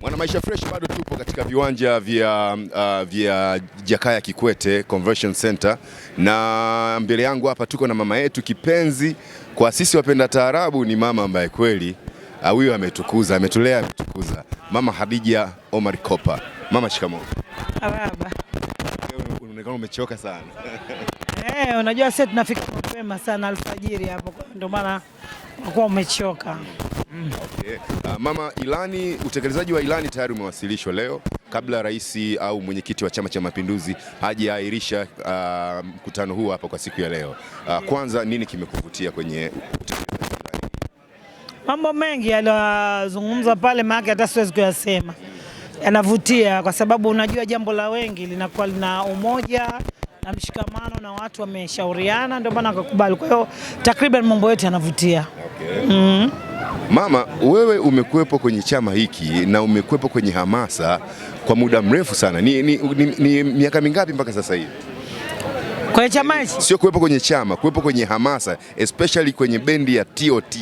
mwana maisha fresh bado tupo katika viwanja vya, uh, vya Jakaya Kikwete Convention Center, na mbele yangu hapa tuko na mama yetu kipenzi. Kwa sisi wapenda taarabu, ni mama ambaye kweli huyu uh, ametukuza, ametulea, ametukuza. Mama Hadija Omar Kopa. Mama, shikamoo. Baba, unaonekana umechoka sana. Eh, unajua sasa tunafika mapema sana alfajiri hapo, ndio maana kwa umechoka. Mm. Okay mama, ilani utekelezaji wa ilani tayari umewasilishwa leo kabla rais au mwenyekiti wa Chama cha Mapinduzi hajaahirisha uh, mkutano uh, huu hapa kwa siku ya leo. Uh, kwanza nini kimekuvutia kwenye Mambo mengi yaliyozungumza pale, maana hata siwezi kuyasema, yanavutia kwa sababu unajua jambo la wengi linakuwa lina umoja na mshikamano na watu wameshauriana, ndio maana akakubali. Kwa hiyo takriban mambo yote yanavutia. okay. mm -hmm. Mama, wewe umekuwepo kwenye chama hiki na umekuwepo kwenye hamasa kwa muda mrefu sana. Ni, ni, ni, ni miaka mingapi mpaka sasa hivi kwenye chama hiki? Sio kuwepo kwenye chama, kuwepo kwenye hamasa especially kwenye bendi ya TOT.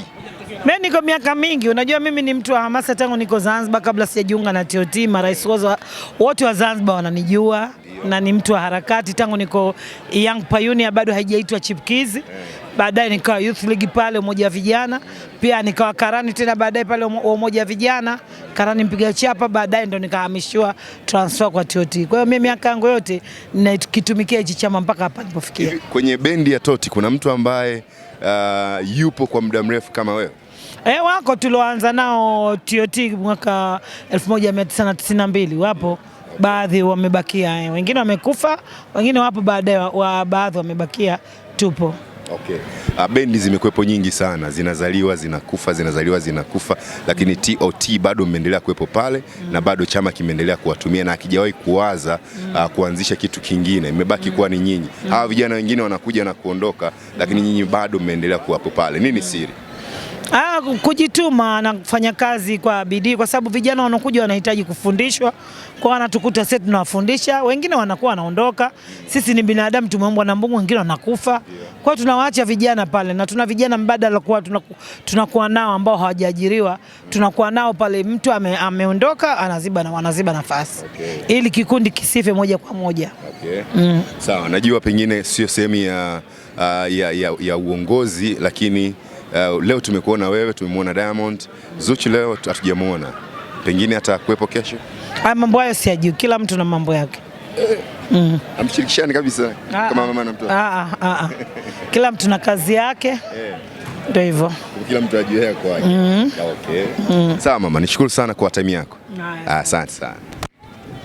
Mimi niko miaka mingi, unajua mimi ni mtu wa hamasa tangu niko Zanzibar, kabla sijajiunga na TOT. Marais wote wa Zanzibar wananijua na ni mtu wa harakati tangu niko Young Pioneer, bado haijaitwa Chipkizi. Eh baadaye nikawa youth league pale umoja wa vijana, pia nikawa karani tena baadaye pale umoja wa vijana karani mpiga chapa, baadaye ndo nikahamishiwa transfer kwa TOT. Kwa hiyo mimi miaka yangu yote nikitumikia hichi chama mpaka hapa nilipofikia. Kwenye bendi ya TOT kuna mtu ambaye uh, yupo kwa muda mrefu kama wewe? E, wako tulioanza nao TOT mwaka 1992 wapo baadhi wamebakia, eh, wengine wamekufa, wengine wapo baadaye wa, baadhi wamebakia, tupo. Okay. Ah, bendi zimekuwepo nyingi sana, zinazaliwa zinakufa, zinazaliwa zinakufa, lakini TOT bado mmeendelea kuwepo pale mm. na bado chama kimeendelea kuwatumia na akijawahi kuwaza mm. uh, kuanzisha kitu kingine, imebaki mm. kuwa ni nyinyi mm. hawa vijana wengine wanakuja na kuondoka, lakini mm. nyinyi bado mmeendelea kuwapo pale, nini siri? Ah, kujituma na kufanya kazi kwa bidii, kwa sababu vijana wanakuja wanahitaji kufundishwa, kwa wanatukuta sisi tunawafundisha, wengine wanakuwa wanaondoka. Sisi ni binadamu, tumeumbwa na Mungu, wengine wanakufa. Kwa tunawaacha vijana pale, na tuna vijana mbadala kwa tunakuwa nao ambao hawajaajiriwa, tunakuwa nao pale, mtu ame, ameondoka anaziba na wanaziba nafasi okay, ili kikundi kisife moja kwa moja okay. Mm. Sawa, najua pengine sio sehemu ya, ah, ya, ya, ya uongozi lakini Uh, leo tumekuona wewe, tumemwona Diamond. Zuchu leo hatujamwona, pengine kuwepo kesho. Haya mambo hayo siyajui, kila mtu na mambo yake eh, mm. Amshirikishani kabisa aa, ah, kama mama na mtoto aa, ah, aa. Ah, kila mtu na kazi yake eh. ndio hivyo, kila mtu ajue mm. yake. Okay, mm. sawa mama, nishukuru sana kwa time yako, asante sana.